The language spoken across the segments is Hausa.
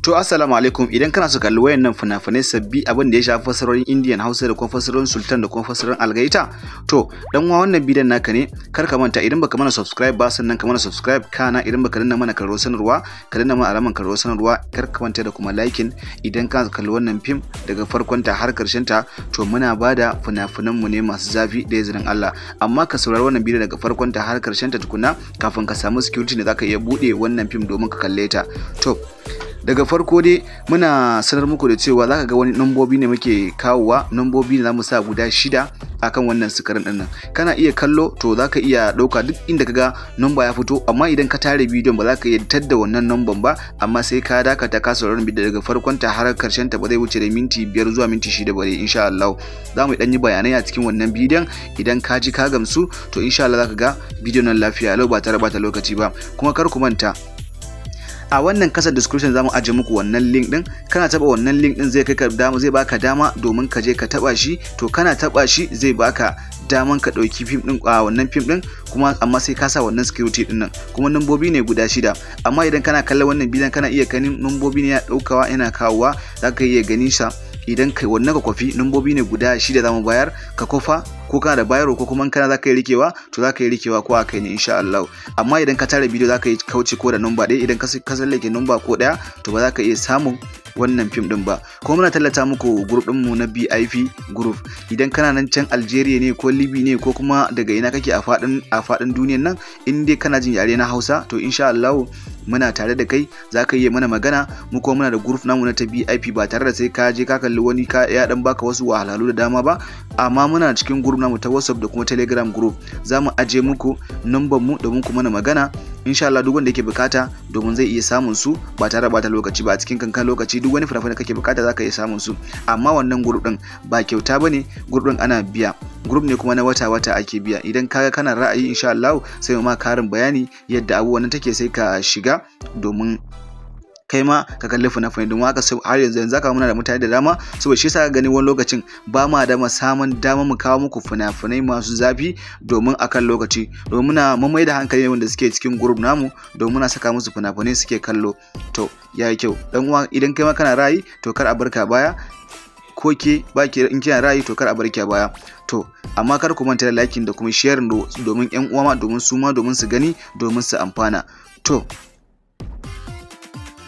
To assalamu alaikum idan kana so kalli wayannan fina-finai sabbi abin da ya shafi fasarorin Indian Hausa da kuma fasarorin Sultan da kuma fasarorin Algaita to dan uwa wannan bidiyon naka ne kar ka manta idan baka mana subscribe ba sannan ka mana subscribe kana idan baka danna mana karo sanarwa ka danna mana alaman karo sanarwa kar ka manta da kuma like idan kana so kalli wannan fim daga farkon ta har karshen ta to muna bada fina-finan mu ne masu zafi da izinin Allah amma ka saurari wannan bidiyon daga farkon ta har karshen ta tukunna kafin ka samu security da zaka iya bude wannan fim domin ka kalle ta to daga farko dai muna sanar muku da cewa za ka ga wani nambobi ne muke kawowa nambobi ne za mu sa guda shida akan wannan sukarin din nan kana iya kallo to za ka iya ɗauka duk inda ka ga numba ya fito amma idan ka tare bidiyon ba za ka iya da wannan namban ba amma sai ka dakata ka sauraron bidiyon daga farkon ta har karshen ta ba zai wuce da minti biyar zuwa minti shida ba dai insha Allah za mu dan yi bayanai a cikin wannan bidiyon idan ka ji ka gamsu to insha Allah ka ga bidiyon nan lafiya lau ba tare ta lokaci ba kuma kar ku manta a wannan kasa description zamu aje muku wannan link din kana taba wannan link din zai kai ka dama zai baka dama domin ka je ka taba shi to kana taba shi zai baka daman ka dauki film din a wannan film din kuma amma sai ka sa wannan security din nan kuma numbobi ne guda shida amma idan kana kallon wannan bidiyon kana iya ganin numbobi ne ya daukawa yana kawowa zaka iya ganin sa idan kai wannan ka kwafi numbobi ne guda shida zamu bayar ka kofa ko kana da bayarwa ko kuma kana zaka yi rikewa to zaka yi rikewa ko a kai ne insha Allah amma idan ka tare bidiyo zaka yi kauce ko da numba ɗaya idan ka sallake numba ko ɗaya to ba za ka iya samun wannan fim din ba kuma muna tallata muku group ɗin mu na BIP group idan kana nan can Algeria ne ko Libya ne ko kuma daga ina kake a fadin a fadin duniyar nan in dai kana jin yare na Hausa to insha Allah muna tare da kai za ka iya mana magana mu kuma muna da group namu na ta VIP ba tare da sai ka je ka kalli wani ka ya dan baka wasu wahalhalu da dama ba amma muna cikin group namu ta WhatsApp da kuma Telegram group za mu aje muku number mu domin ku mana magana insha Allah duk wanda yake bukata domin zai iya samun su ba tare da bata lokaci ba a cikin kankan lokaci duk wani fina da kake bukata za ka iya samun su amma wannan group din ba kyauta bane group din ana biya group ne kuma na wata-wata ake biya idan kaga kana ra'ayi insha Allah sai ma karin bayani yadda abubuwan take sai ka shiga domin kai ma ka kalli fina-finai domin haka har yanzu yanzu haka muna da mutane da dama saboda shi sa gani wani lokacin ba ma da samun dama mu kawo muku fina-finai masu zafi domin akan lokaci domin muna mamai da hankali wanda suke cikin group namu domin muna saka musu fina-finai suke kallo to yayi kyau dan uwa idan kai ma kana ra'ayi to kar a barka baya ko ke baki in kina ra'ayi to kar a barki a baya to amma kar ku manta da liking da kuma sharing domin yan uwa ma domin su ma domin su gani domin su amfana to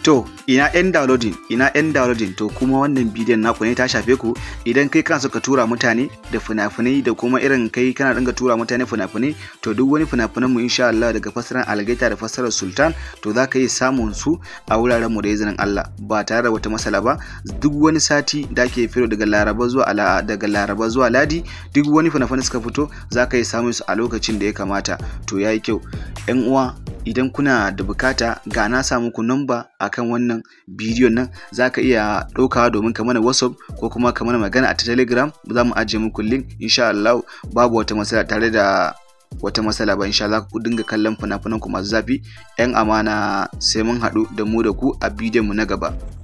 To ina yan downloading ina yan downloading to kuma wannan bidiyon naku ne ta shafe ku idan kai kana ka tura mutane da fina-finai da kuma irin kai kana dinga tura mutane fina-finai to duk wani fina-finan mu insha Allah daga fasaran algaita da fasaran sultan to za ka yi samun su a wuraren mu da izinin Allah ba tare da wata masala ba duk wani sati da ke fito daga Laraba zuwa daga Laraba zuwa Ladi duk wani fina-finai suka fito za ka yi samun su a lokacin da ya kamata to yayi kyau yan uwa idan kuna da bukata ga na sa muku namba akan wannan bidiyo nan za ka iya ɗaukawa domin ka mana whatsapp ko kuma ka mana magana a telegram za mu ajiye muku link insha Allah babu wata matsala tare da wata matsala ba insha Allah ku dinga kallon fina-finan ku masu zafi yan amana sai mun haɗu da mu da ku a bidiyon mu na gaba